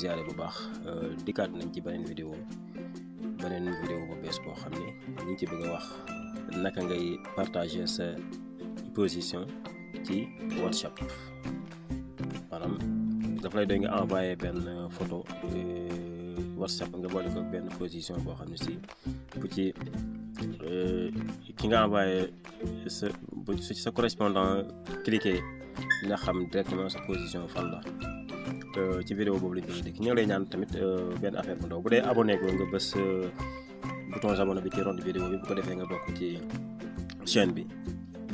ziare bu baax euh, dikkaat nañ ci beneen vidéo beneen vidéo bu bees boo xam ne ñu ngi ci bëgg a wax naka ngay partager sa position ci WhatsApp maanaam daf lay doy nga envoyé benn photo euh, WhatsApp nga boole ko benn position boo xam ne si bu ci euh, ki nga envoyé sa bu sa correspondant nga xam directement sa position fan la. Euh, ci vidéo boobu lañ doon dikk ñu tamit euh, benn affaire bu ndaw bu dee abonné ko nga bës euh, bouton jamono bi ci rond vidéo bi bu ko defee nga bokk ci chaîne bi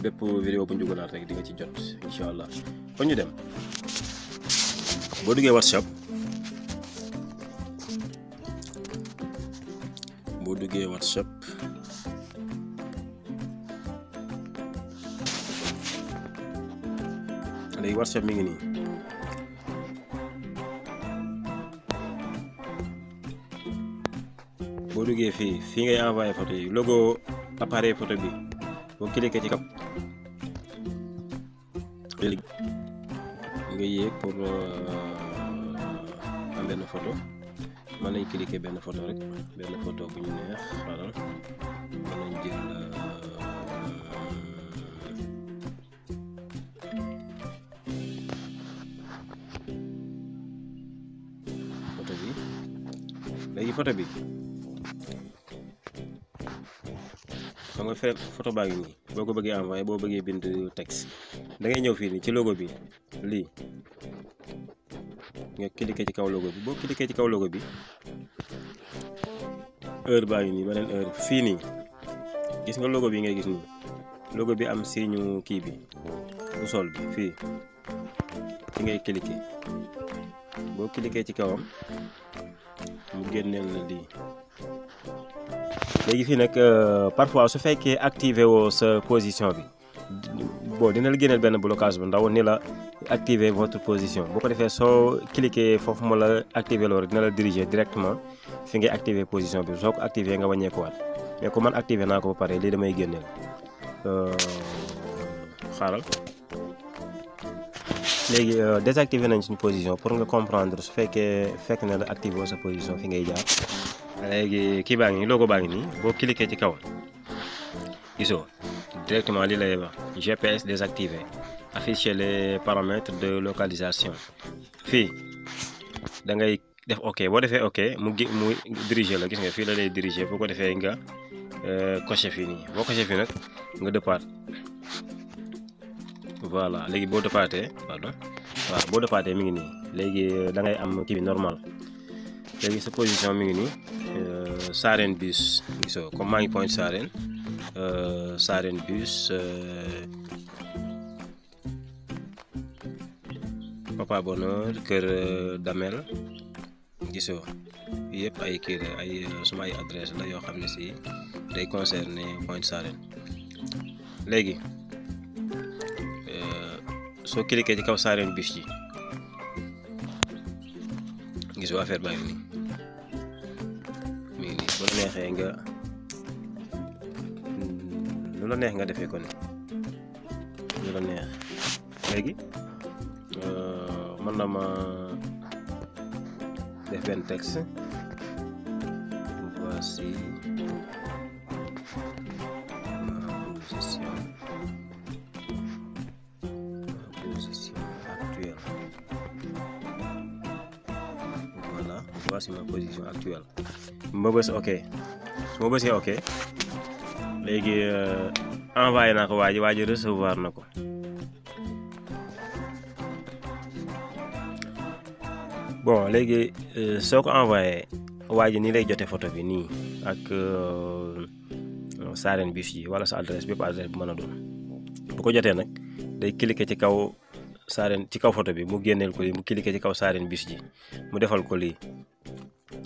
bépp vidéo bu ñu dugalaat rek di nga ci jot incha allah kon ñu dem boo duggee whatsapp boo duggee whatsapp léegi whatsapp mi ngi nii boo duggee fii fii ngay envoyé photo yi logo appareil photo bi boo cliqué ci kaw nga yéeg pour euh, am benn photo mën nañ cliqué benn photo rek benn photo euh, bi léegi photo bi nga fekk photo baa ngi nii boo ko bëggee envoyé boo bëggee bind texte da ngay ñëw fii nii ci logo bi lii nga cliqué ci kaw logo bi boo cliqué ci kaw logo bi baa ngi nii beneen nii gis nga logo bi ngay gis nii bi am signe kii bi bu sol bi fii ci ngay cliqué boo cliqué ci kawam mu génneel na lii. léegi fii nag euh, parfois su fekkee activer woo sa position bi bon dina la génneel benn blocage bu ndaw ni la activer votre position boo ko defee soo cliquer foofu mu la activer loolu dina la diriger directement fi ngay activer position bi soo ko activer nga wàññeekuwaat mais ko man activer naa ko ba pare lii damay génneel euh, xaaral léegi euh, désactiver nañ suñu position pour nga comprendre su fekkee fekk na la activer sa position fi ngay jaar. léegi kii baa ngi nii baa ngi nii boo kilikee ci kaw gisoo directement lii lay wax GPS désactivé afficher les paramètres de localisation fii dangay def ok boo defee ok mu gi mu diriger la gis nga fii la lay diriger boo ko defee nga euh, coché fii nii boo coché fii nag nga dëppaat voilà léegi boo dëppaatee pardon waaw boo dëppaatee mi ngi nii léegi euh, da ngay am kii normal léegi sa position mi ngi nii Sarène bis gisoo comme maa ngi Pointe Sarène euh, Sarène bus euh, Papa Bonheur Kër euh, Damel gisoo yëpp ay kii la ay suma ay adresse la yoo xam ne si day concerné Pointe Sarène léegi soo cliqué ci kaw Sarène bus ji gisoo affaire baa ngi nii bu la neexee nga lu la neex nga defee ko ni lu la neex léegi euh, mën ma def benn texte voici ma euh, position ma position actuelle voilà voici ma position actuelle ma ok su ok léegi euh, envoyé naa ko waa ji waa na ko bon léegi euh, soo ko envoyé waa ji nii lay jote photo bi nii ak euh, saareen bi ji wala sa adresse bépp adresse bu mën doon bu ko jotee nag day cliquer ci kaw saareen ci kaw photo bi mu génneel ko lii mu cliquer ci kaw saareen bis ji mu defal ko lii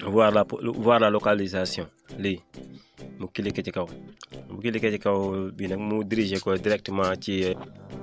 voir la voir la localisation lii mu cliquer ci kaw mu cliquer ci kaw bi nag mu diriger ko directement ci. Euh,